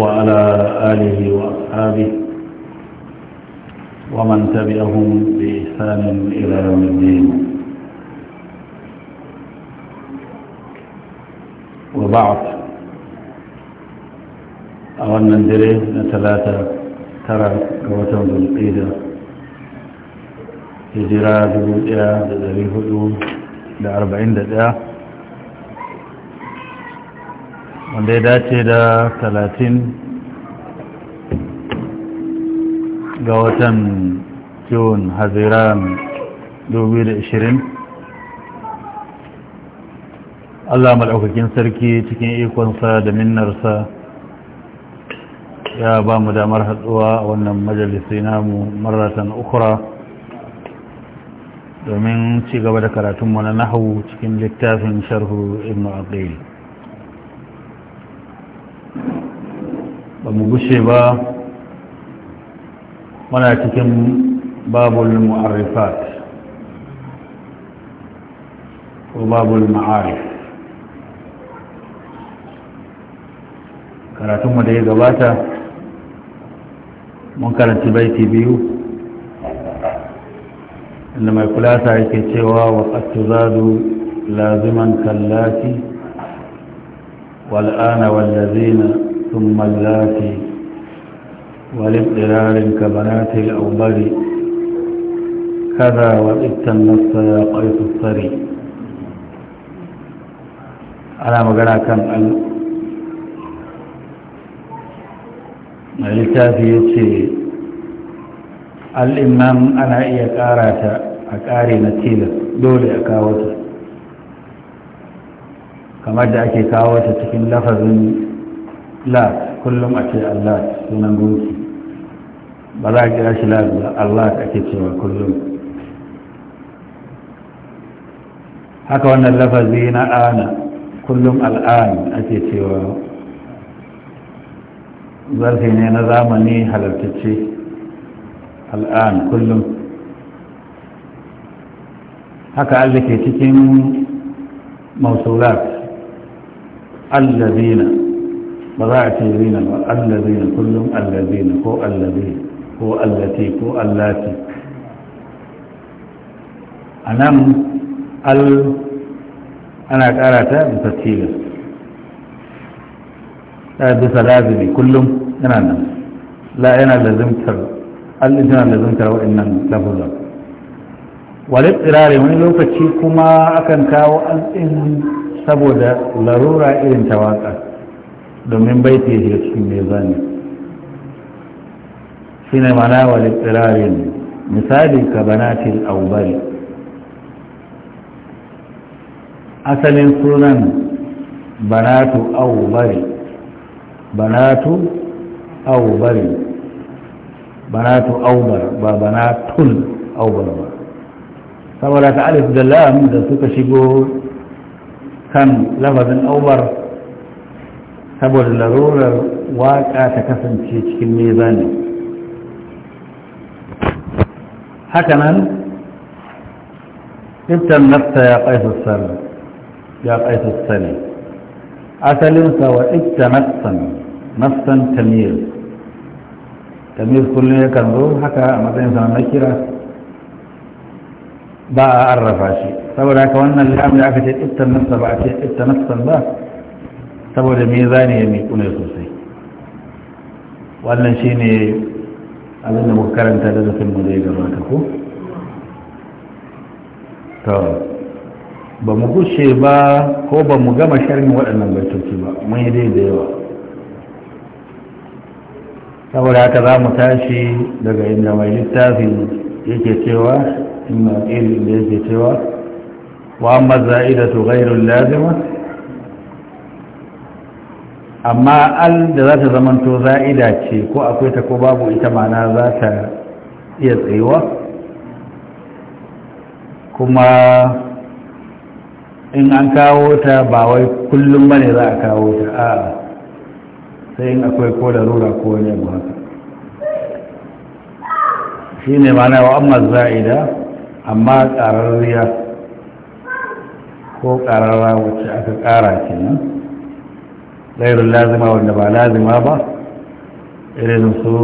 وعلى آله وأصحابه ومن تبعهم بإحسان إلى يوم الدين وبعد أولا ندري ثلاثة ترى قوتهم بالقيدة هجرات بودئة لذلك هدوم لأربعين دقيقة wanda ya dace da talatin ga watan june haziran 2020 allah mal'aukakin sarki cikin ikonsa da minnarsa ya ba mu damar haɗuwa wannan majalisi namu maratan ukura domin cigaba gaba da karatunmu na nahawu cikin littafin sharhu ibn aqil mu gushe ba muna cikin babul mu'arrifat ko babul ma'arif karatunmu da ya gabata mun karanci baiti biyu inda mai kulasa yake cewa wa ƙattu zadu laziman kallaki wal'ana wallazina ثم الذات ولاضطرار كبنات الأوبر كذا وإذ تنصت يا قيس الصري أنا مقرأ كم أن التافي يتشي الإمام أنا إياك آراتا أكاري نتيلة دولي أكاوتا كما دعكي كاوتا تكن لفظ lat kullum a ce allah sunan gunki ba za a kira shi lat ba allah ake cewa kullum haka wannan lafazi na ana kullum al'an ake cewa zarfi ne na zamani halartacce al'an kullum haka allah ke cikin mausulat allazina فضعت الذين الذين كلهم الذين هو الذي هو التي هو التي أنا ال أنا قرأت بتسهيل لا بس لازم كلهم أنا أنا لا أنا لازم تر الإنسان لازم تر وإن لفظ والإقرار من لو فتشي كما أكن كاو أن سبود لرورة إلى تواقع domin baiti ya shiga cikin mai zane shi ne mana wa littirarin misali ka banatil aubari asalin sunan banatu aubari banatu aubari banatu aubar ba banatul aubar ba saboda ta alif da lam da suka shigo kan lafazin aubar saboda larurar waƙa ta kasance cikin mezani hakanan ibtan nafta ya ƙaisu sani ya ƙaisu sani asalinsa wa ibta nafsan nafsan tamir tamir kullum ya kan zo haka a matsayin sa na kira ba a arrafa shi saboda haka wannan lamu da aka ce ibtan nafsa ba a ce ibtan nafsan ba saboda ne ya mai kuna sosai wannan shine abinda muka karanta da zafin mu zai gabata ko to ba mu gushe ba ko ba mu gama sharin waɗannan baitoci ba mun yi dai da yawa saboda haka za mu tashi daga inda mai littafin yake cewa in ma da yake cewa wa amma za'idatu ghairul lazima amma al da za ta zamanto za'ida ce ko akwai ta ko babu ita mana za ta iya tsayuwa kuma in an kawo ta ba wai kullum ba ne za a kawo ta a sai in akwai ko da rura ko wani abu haka shi ne mana wa amma za'ida amma ƙararriya ko ƙararra wacce aka ƙara kenan gairin lazima wanda ba lazima ba irin su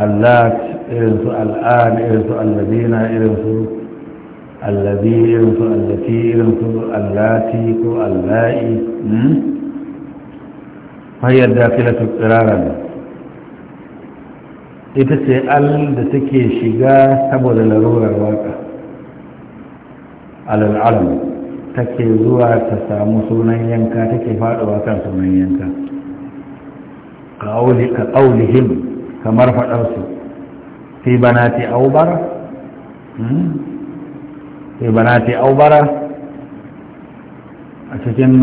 allat irin su al'an irin su allazina irin su allazi irin su allati irin su allati ko alla'i hanyar dakilatu tsiraran ita ce al da take shiga saboda larurar waka alal'alamu take zuwa ta samu sunan yanka take faɗuwa kan sunan yanka ka ƙaunihim kamar faɗarsu fi banati aubara hmm? fi banati aubara a cikin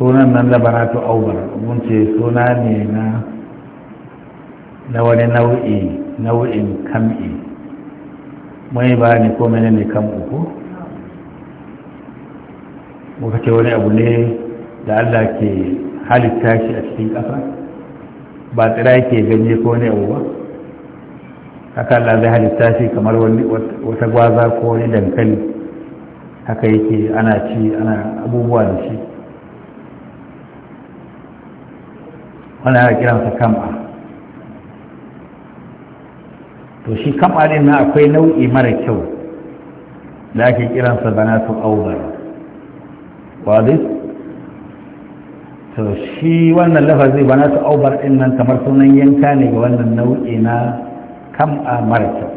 sunan nan da banatu aubara mun ce suna ne na na wani nau'i nau'in kam'i mai ba ne ko mene ne kam uku muka ce wani abu ne da allah ke halitta shi a cikin ƙasa ba tsira yake ganye ko wani abu ba haka allah zai halitta shi kamar wata gwaza ko wani dankali haka yake ana ci ana abubuwa da shi wani ana kiransa kam'a to shi kam'a ne na akwai nau'i mara kyau da ake kiransa tun auzara wadis to shi wannan lafazi ba na ta'ubar ɗin nan kamar sunan yanka ne ga wannan nau'i na kam'a marta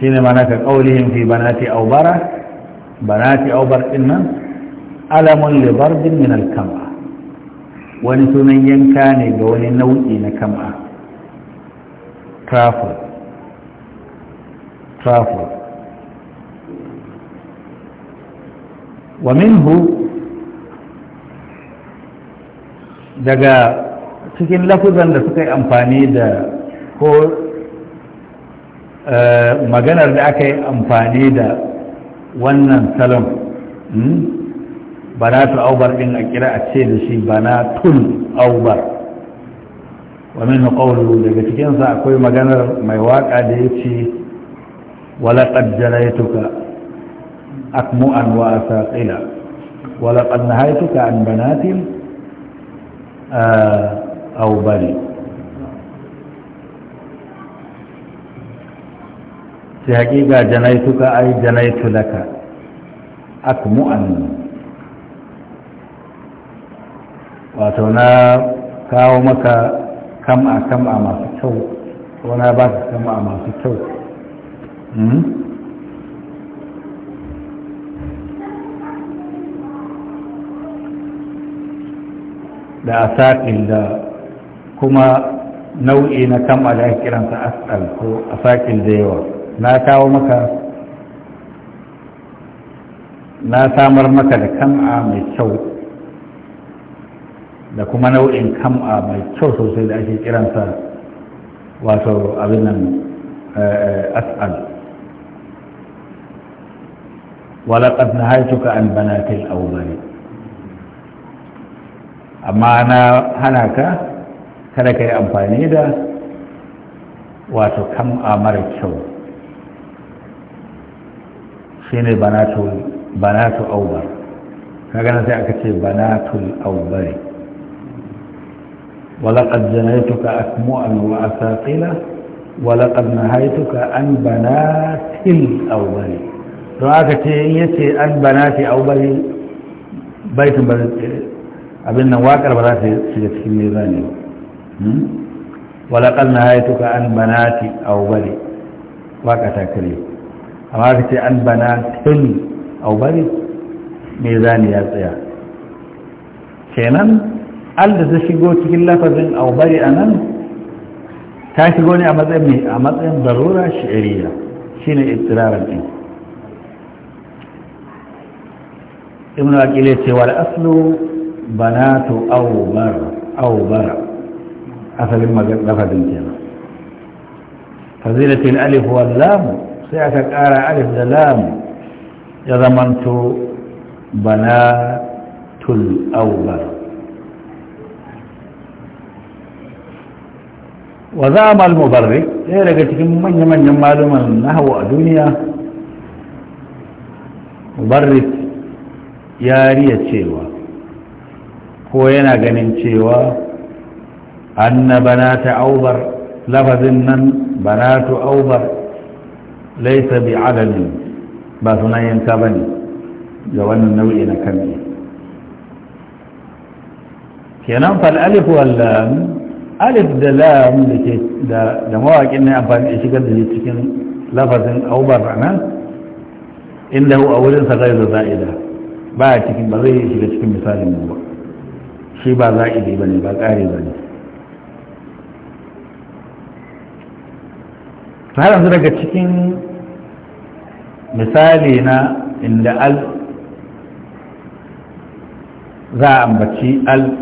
shi ne mana ka ƙaunihin fi banati aubara banati aubar ɗin nan alamun libardin min alkam'a wani sunan yanka ne ga wani nau'i na kam'a trafo trafo ومنه daga cikin lafuzan da suka yi amfani da ko eh, maganar da aka yi amfani da wannan salon hmm? banatul aubar ɗin a kira a ce da shi banatul aubar wamin qawlu daga cikinsa akwai maganar mai waka da ya ce wala ya tuka. أكمؤا وأساقلا ولقد نهيتك عن بنات أو بني في حقيقة جنيتك أي جنيت لك أكمؤا وأتونا كاومك كمأ كمأ ما في التوت wana ba ka kama a masu kyau da asaƙil da kuma nau'i na kama da ake kiransa asal ko asaƙil da yawa na kawo maka na samar maka da kam'a mai kyau da kuma nau'in kam'a mai kyau sosai da ake kiransa wato abin nan asal ولقد نهيتك عن بنات الأولين amma na hana ka kada ka yi amfani da wato kam'a mara kyau shi ne banatu aubar kagana sai aka ce banatul aubari ولقد جنيتك أسموعا وأساقلا ولقد نهيتك an بنات الأولين don aka ce yace an banati aubari baitin ba abin nan waƙar ba za ta shiga cikin mizani ba hmm? walaƙal na haitu ka an banati a bari waƙa ta kare amma ka ce an banatin au bari mizani ya tsaya kenan al da ta shigo cikin lafazin a bari a nan ta shigo ne a matsayin a matsayin darura shi'ariya shine ne din ɗin. aqil ya ce wal aslu بنات أو بر أو بر أثر ما قفت انتنا فزيلة الألف واللام ساعة الآلة ألف واللام يضمنت بنات أو بر وزعم المبرر ايه لقيتك من من جمال من نهو الدنيا مبرر مبرك ياريه تشيلوه ko yana ganin cewa anna banata aubar lafazin nan banatu aubar laisa bi adalin ba sunan yanka ba ne ga wannan nau'i na kanne kenan fal alif wallam alif da lam da ke da mawaƙin ne amfani da shigar da shi cikin lafazin aubar nan inda hu a sa gairu za'ida ba cikin ba zai shiga cikin misalin ba shi ba a ba ne ba ƙare ba ne har yanzu daga cikin misali na inda al za a ambaci al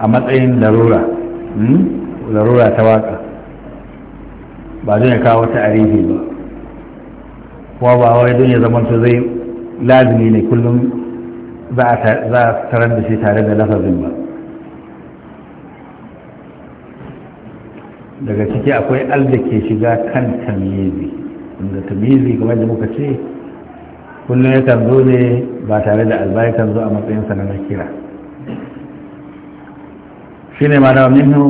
a matsayin larura hmm? larura ta waka ba zai kawo ta arihi ba kuma ba wai don ya zama zai lazimi ne kullum za a tarar da shi tare da lafazin ba daga ciki akwai al da ke shiga kan tamizi inda tamizi kamar da muka ce kullum ya kan zo ne ba tare da albayi kan zo a matsayinsa na nakira shi ne ma nawa minhu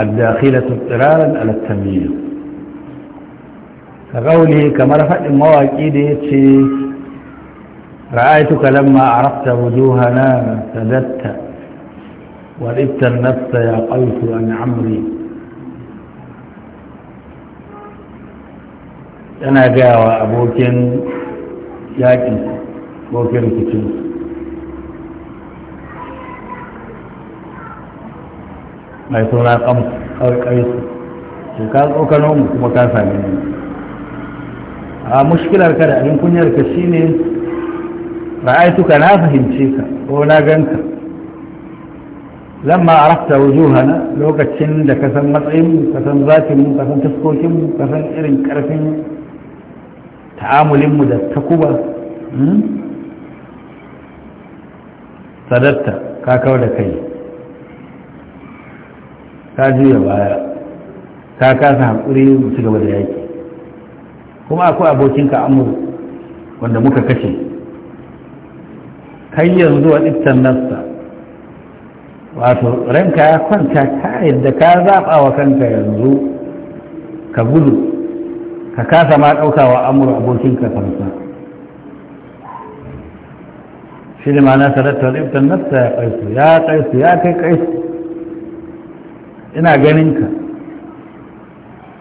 addakhilatu tsiraran ala tamiz ka kauli kamar faɗin mawaƙi da ya ce ra'aytuka lamma arafta wujuhana tadatta wa ribta nafsa ya qaltu an amri tana gaya wa abokin yaƙin abokin rikicin mai suna su ce ka tsokano mu kuma ka sami ne a mushkilar ka da abin kunyar ka shine ra'aituka na fahimce ka ko na ganka lamma arafta wujuhana lokacin da ka san matsayin mu ka san zatin mu ka san taskokin mu ka san irin karfin ta'amulinmu da takuba hmm? sadatta ka kawar da kai ka juya baya ka kasa haƙuri su gaba da yaƙi. kuma akwai abokinka amur wanda muka kashe kai yanzu a ɗittan nasta wato ranka ya kwanta ka yadda ka zaɓa wa kanka yanzu ka gudu ka kasa ma ɗaukawa amur abokinka farsa shi ne ma'ana salatta al'ibtan nasta ya ƙaisu ya ƙaisu ya kai ƙaisu ina ganinka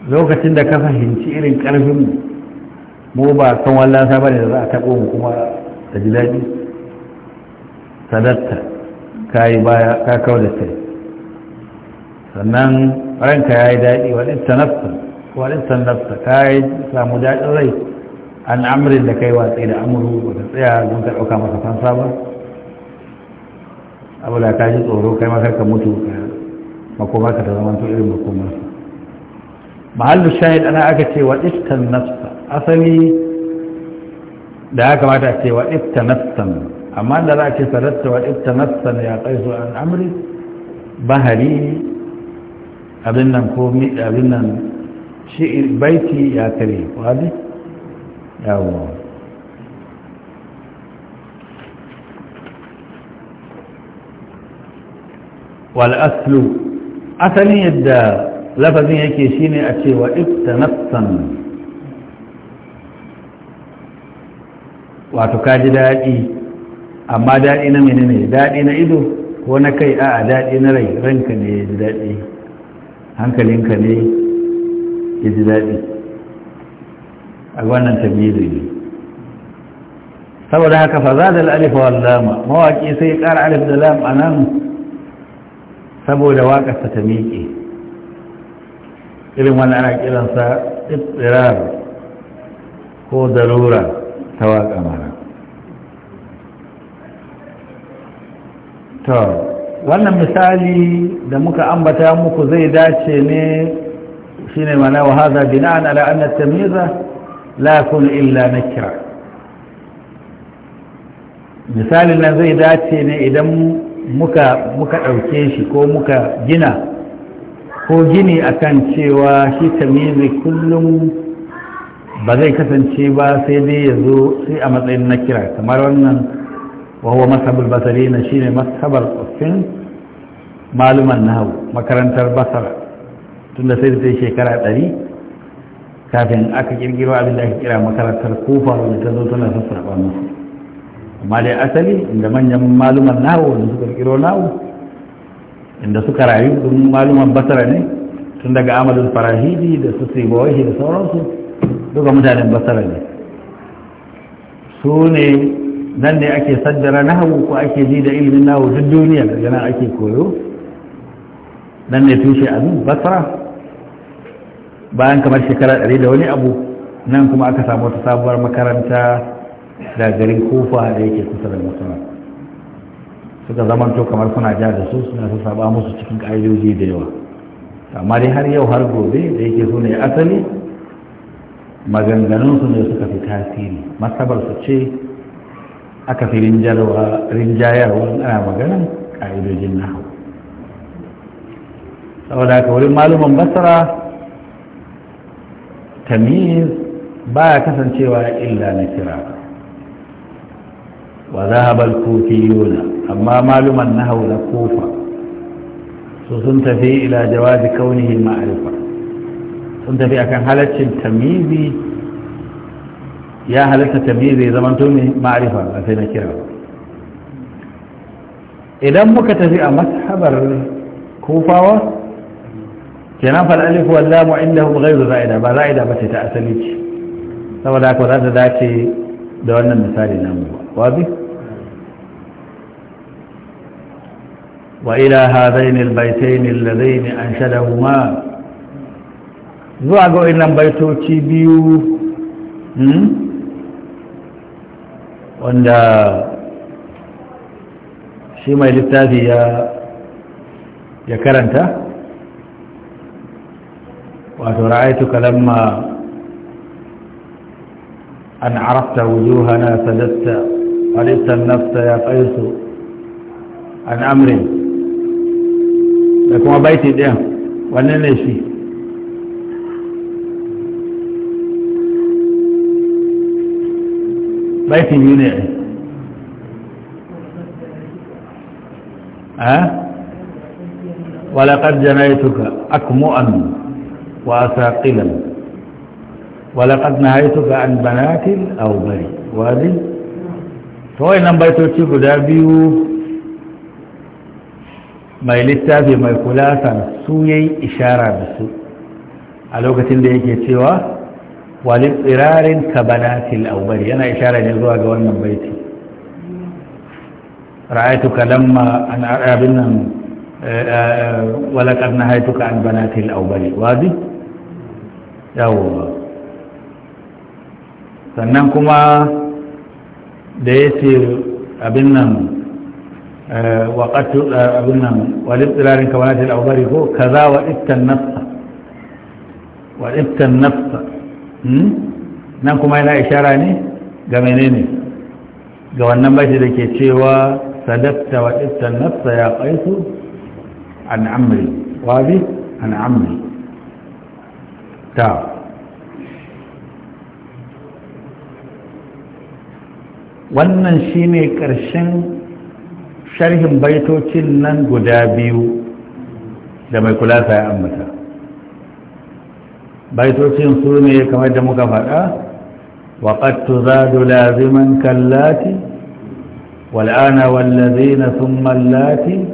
lokacin da ka fahimci irin ƙarfin mu ba kan wallasa ba ne da za a taɓo mu kuma da ji daɗi salatta ka yi baya ka kawo da kai sannan ranka ya yi daɗi wa ɗin ta walistan nafsa ka yi samu daɗin rai an amurin da kai watsi da amuru wata tsaya don ka ɗauka masa fansa ba abu da ka ji tsoro kai ma ka mutu ka makoma ka ta zama to irin makoma mahallu shahid ana aka ce wa istan nafsa asali da ya kamata ce wa ifta nafsan amma da za a ce sarrafa wa nafsa nafsan ya su an amri bahari abin nan ko abin nan shi baiti ya kare wani yawon wal'aslu asalin yadda lafazin yake shine a cewa ita nafsan wato kaji daɗi amma daɗi na ne, daɗi na ido ko na kai a daɗi na rai ranka ne daɗi hankalinka ne ya ji daɗi a wannan tamyizi ne saboda haka fa da alif wa lama mawaƙi sai ƙara alif da lam nan saboda waƙarsa ta miƙe irin wani ana kiransa ɗirar ko darura ta waƙa mara to wannan misali da muka ambata muku zai dace ne شين معناه وهذا بناء على أن التمييز لا يكون na نكرة Misalin nan zai dace ne idan muka muka ɗauke shi ko muka gina ko gini akan cewa shi tamizi kullum ba zai kasance ba sai dai ya zo sai a matsayin na kira kamar wannan wahuwa mashabul basari na shine mashabar tsoffin maluman nahu makarantar basara tun da sai da sai shekara ɗari kafin aka kirkiro abin da aka kira makarantar kofa wanda ta zo tana sassaɓa musu amma dai asali inda manyan maluman nawo wanda suka kirkiro nawo inda suka rayu don maluman basara ne tun daga Amadu farahidi da su sibawahi da sauransu duka mutanen basara ne su ne nan ne ake saddara nahawu ko ake ji da ilimin nahawu duk duniya daga nan ake koyo nan ne tushe abin basara bayan kamar shekara ɗari da wani abu nan kuma aka samu wata sabuwar makaranta da garin kofa da yake kusa da masana suka zamanto kamar suna ja da su suna su saba musu cikin ƙa'idoji da yawa amma dai har yau har gobe da yake su ne asali maganganunsu ne suka fi tasiri masabar su ce aka fi rinjayarwa ana maganan ƙa'idojin hau. saboda haka wurin malumin basara tamiz ba ya kasancewa illa na kira wa zahabal yola amma maluman na haula kofa su sun tafi ila jawazi kaunihi ma'arifa sun tafi akan halaccin tamizi ya halatta tamizi zaman tuni ma'arifa ba sai na kira idan muka tafi a mashabar kofawa kenan fal alif wal lam indahum ghayru za'ida ba za'ida ba ce ta asali ce saboda haka za ta dace da wannan misali mu wa bi wa ila hadain al baytain alladhain anshadahuma zuwa ga wannan baitoci biyu hmm? wanda shi mai littafi ya karanta وأتو رأيتك لما أن عرفت وجوهنا سجدت وليت النفس يا قيس عن أمر لكم بيتي ديهم وننشي بيتي بيني ها ولقد جنيتك أكمؤا وأساقلا ولقد نهيتك عن بنات أو بني وهذه فوين بيتوتي قدا بيو ما يلتافي ما يقولاسا سوي إشارة بسو على وقت اللي يجي سوا ولإضرار كبنات الأوبري أنا إشارة نزوها قولنا بيتي رأيتك لما أنا أبنا ولقد نهيتك عن بنات الأوبري واضح ba sannan kuma da ya ce abin nan eh, waƙatu eh, abin nan walid tsirarin kamanatin albari ko za wa iftan nafsa wa iftan nafsa hmm? nan kuma yana ishara ne ga menene ga wannan bashi da ke cewa sadatta wa iftan nafsa ya ƙaisu an amri bi an amri ta wannan shine ƙarshen sharhin baitocin nan guda biyu da mai ta ya ambata baitocin su ne kamar da muka faɗa waƙad tuzadu laziman kallati wal'ana wallazina sun mallati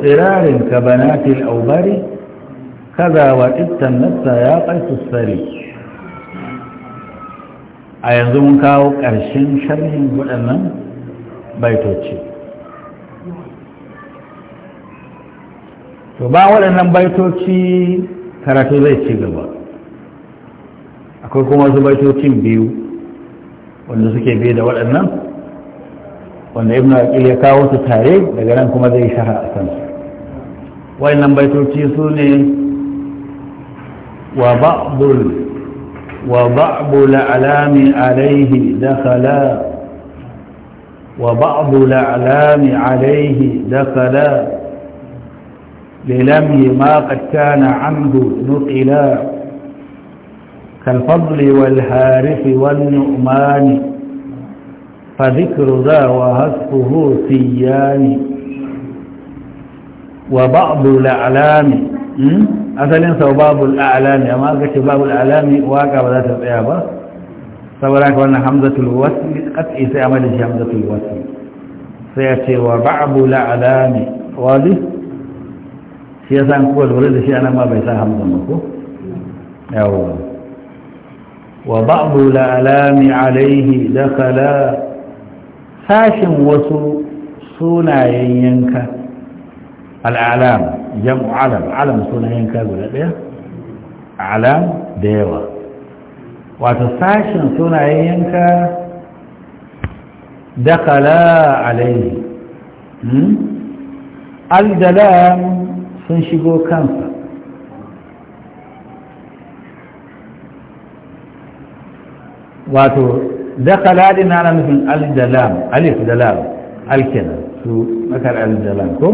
tsirarin ka banatil aubari kaza wa ittan nasa ya qaisu sari a yanzu mun kawo ƙarshen sharhin waɗannan baitoci to ba waɗannan baitoci karatu zai ci gaba akwai kuma wasu baitocin biyu wanda suke biye da waɗannan wanda ibn aqil ya kawo su tare daga nan kuma zai shara a kansu waɗannan baitoci su ne وبعض ال وبعض الأعلام عليه دخلا وبعض الأعلام عليه دخلا للمي ما قد كان عنه نقلا كالفضل والهارف والنؤمان فذكر ذا وهسفه سيان وبعض الأعلام Hmm? asalin sau babul alami amma aka ce babul alami waka ba za ta tsaya ba saboda ka wannan hamzatul wasli katsi sai amma da shi hamzatul wasli sai ya ce wa ba'bul alami wadi shi ya san kuwa lura da shi anan ma bai sa hamza ba ko yawo wa ba'bul alami alaihi da kala sashin wasu sunayen yanka al'alam jam'u alam alam suna yanka guda ɗaya alam da yawa wato sashen suna yanka dakala alaihi aldalam sun shigo kansa wato dakala din ana nufin aldalam alif dalal alkena su makar aldalam ko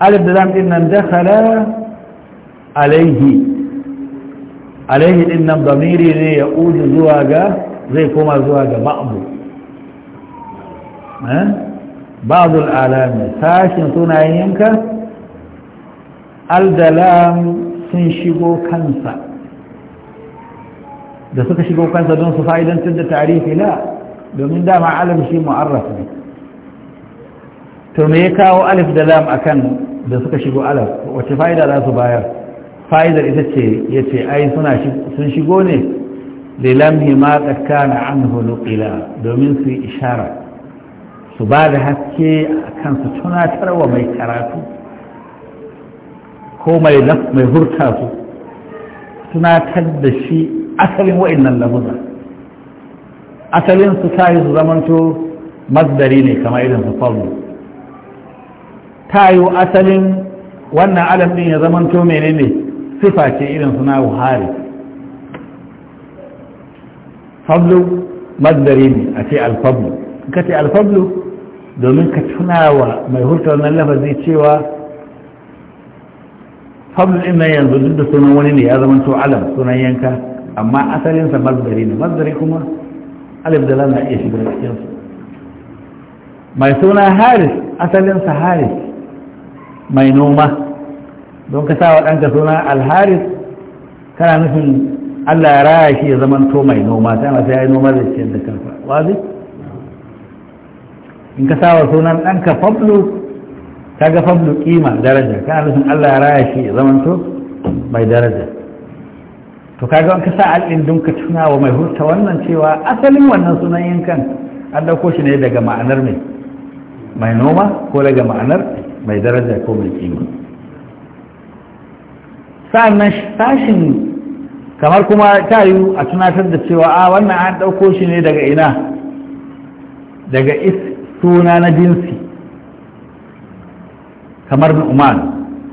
alif da lam din nan dakhala alaihi alaihi din nan damiri ne ya udu zuwa ga zai koma zuwa ga ba'du eh ba'du al'alami sashin sunayenka al da lam sun shigo kansa da suka shigo kansa don su fa'idantar da tarihi la domin dama alam shi mu'arraf ne to me ya kawo alif da lam akan da suka shigo alaf wace fa'ida za su bayar fa'idar ita ce ya ce ai sun shigo ne lilamhi ma tsakana an hulukila domin su yi ishara su ba da haske a kansu tunatarwa mai karatu ko mai hurta su tunatar da shi asalin wa'innan lafuza asalin su yi su zamanto mazdari ne kamar irin su faulu ta yi asalin wannan alam din ya zamanto menene sifa ce irin suna buhari fablu magdari ne a ce alfablu ka ce alfablu domin ka tunawa mai hurta wannan lafazi cewa fablu din nan yanzu duk da sunan wani ne ya zamanto alam sunan yanka amma asalinsa magdari ne magdari kuma alif da lam na iya shiga cikinsu mai suna haris asalinsa haris mai noma don ka sa wa ɗanka suna alharis kana nufin allah ya raya shi ya zama to mai noma ta masu ya yi noma da ciyar da kansa wazi in ka sa wa sunan ɗanka fablu ka ga fablu kima daraja kana nufin allah ya raya shi ya zama to mai daraja to kaga an ka sa al'in don ka tuna wa mai hurta wannan cewa asalin wannan sunan yankan an ɗauko shi ne daga ma'anar mai mai noma ko daga ma'anar mai daraja ko mai kima sa'annan tashin kamar kuma ta yiwu a tunatar da cewa a wannan an ɗauko shi ne daga ina daga suna na jinsi kamar nu'man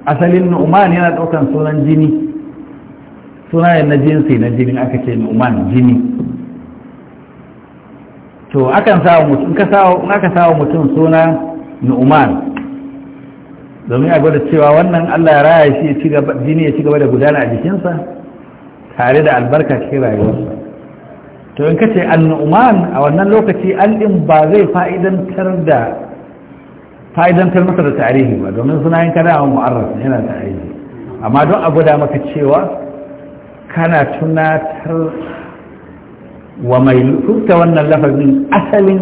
asalin nu'man yana ɗaukan sunan jini suna na jinsi na jini aka ce nu'man jini to akan sawa mutum in aka sawa mutum suna nu'man domin a gwada cewa wannan Allah ya raya shi jini ya ci gaba da gudana a jikinsa tare da albarka cikin rayuwarsa to in kace annu'man a wannan lokaci al'in ba zai fa'idantar da fa'idantar masa da tarihi ba domin suna yin kana wa mu'arraf yana tarihi amma don a gwada maka cewa kana tunatar wa mai rubuta wannan lafazin asalin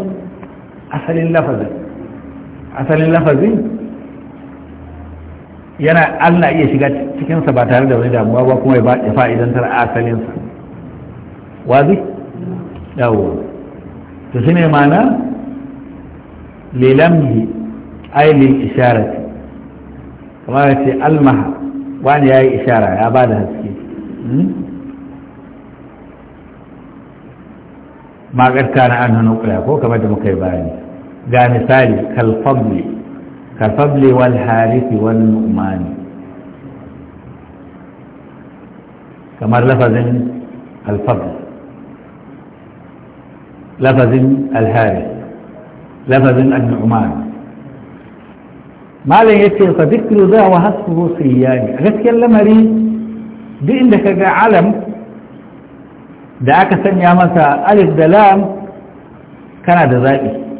asalin lafazin asalin lafazin yana Allah iya shiga cikinsa ba tare da wani damuwa ba kuma ya fa'idantar asalinsa wazi? yawo to shi ne mana lilamhi ailil isharati kamar ya ce almaha wani ya yi ishara ya ba da haske hmm? magarta na an hannun ko kamar da muka yi bayani ga misali kalfabli كفضل والحارث والنؤمان كما لفظ الفضل لفظ الحارث لفظ النعمان ما لن يتيق ذكر ذا وهصفه سياني غسيا لي بإنك جاء علم دعاك يا مساء ألف دلام كان ذائي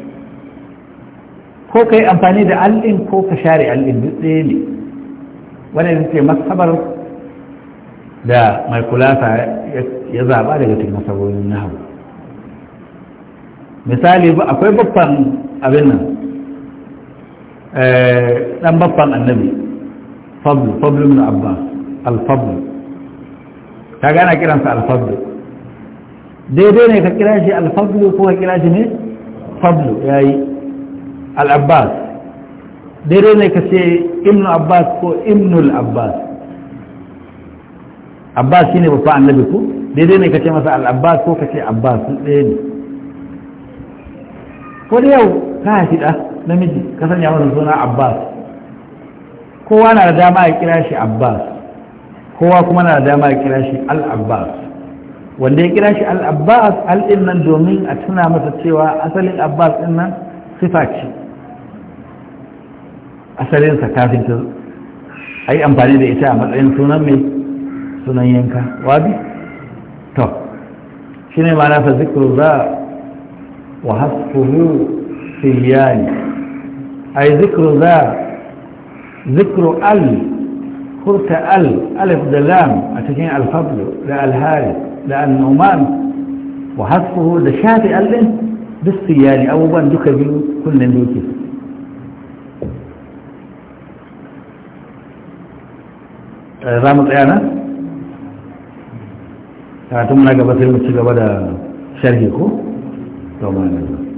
ko ka yi amfani da al'in ko ka share al'in duk ɗaya ne wani yin ce masabar da mai kulasa ya zaba daga cikin masarorin na hau misali akwai babban abin nan eh, ɗan babban annabi fablu fablu min abbas alfablu ta gana kiransa alfablu daidai ne ka kira shi alfablu ko ka kira shi ne fablu ya yi al-abbas daidai ne ka ibnu abbas ko ibnul abbas abbas shine babban annabi daidai ne ka masa al-abbas ko ka abbas ko da ka haifi ɗa namiji ka sanya masa suna abbas kowa nada dama a kira abbas kowa kuma nada dama a kira shi al-abbas wanda ya al-abbas al domin a tuna masa cewa asalin abbas ɗin nan asalinsa kafin ta a yi amfani da ita a matsayin sunan mai sunan yanka wabi to shi ne ma nasa zikiru za wa hasfuhu filiyani a yi zikiru za zikiru al hurta al alif da lam a cikin alfablu da alhari da annoman wa hasfuhu da shafi allin duk siyani abubuwan duka biyu kullum kunnen su Eh, za mu tsaya na karatun na gaba sai mu ci gaba da sharhi ko? to ma